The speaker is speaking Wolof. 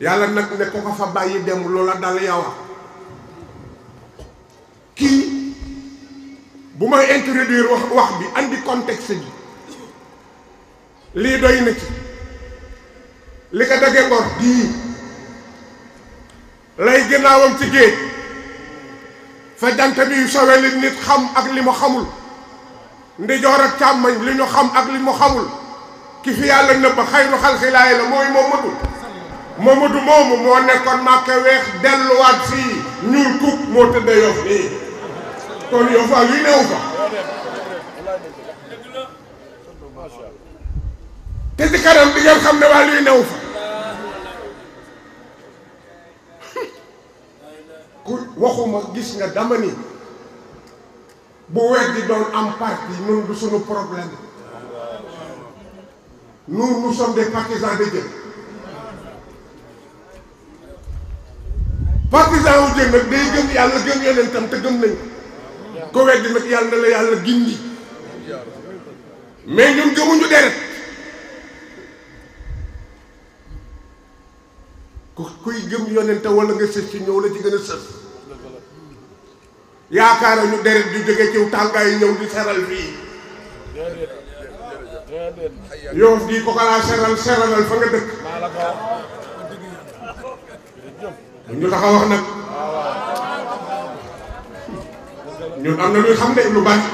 yàlla nag ne ko ko fa bàyyi dem loola dal yawa kii bu may introduire wax wax bi andi contexte bi lii doy na ci li ko dage ngor gii lay gënnaawam ci géej fa jant bi sowe li nit xam ak li mu xamul ndijoor ak càmmañ li ñu xam ak li mu xamul ki fi yàlla nëbb xayru xalxilaayi la mooy moom mënul Mamadou moomu moo nekkoon Màkka weex delluwaat fii ñuul kuk moo tëdda Yoff nii kon Yoff ak yi néew fa te ci kanam di ngeen xam ne waa luy néew fa ku waxuma gis nga dama ni bu wet di doon am parti ñun du suñu problème nous nous sommes des partisans de Dieu partisan wu jën nag day gëm yàlla gëm yeneen tam te gëm nañ ko weddi nag yàlla la yàlla gindi mais ñun gëmuñu deret ku kuy gëm yonente wala nga sës ci ñëw la ci gën a sës yaakaara ñu deret ju jóge ciw tàngaay ñëw di seral fii yow di ko kalaa seral seralal fa nga dëkk ñu tax a wax nag am na lu xam lu bari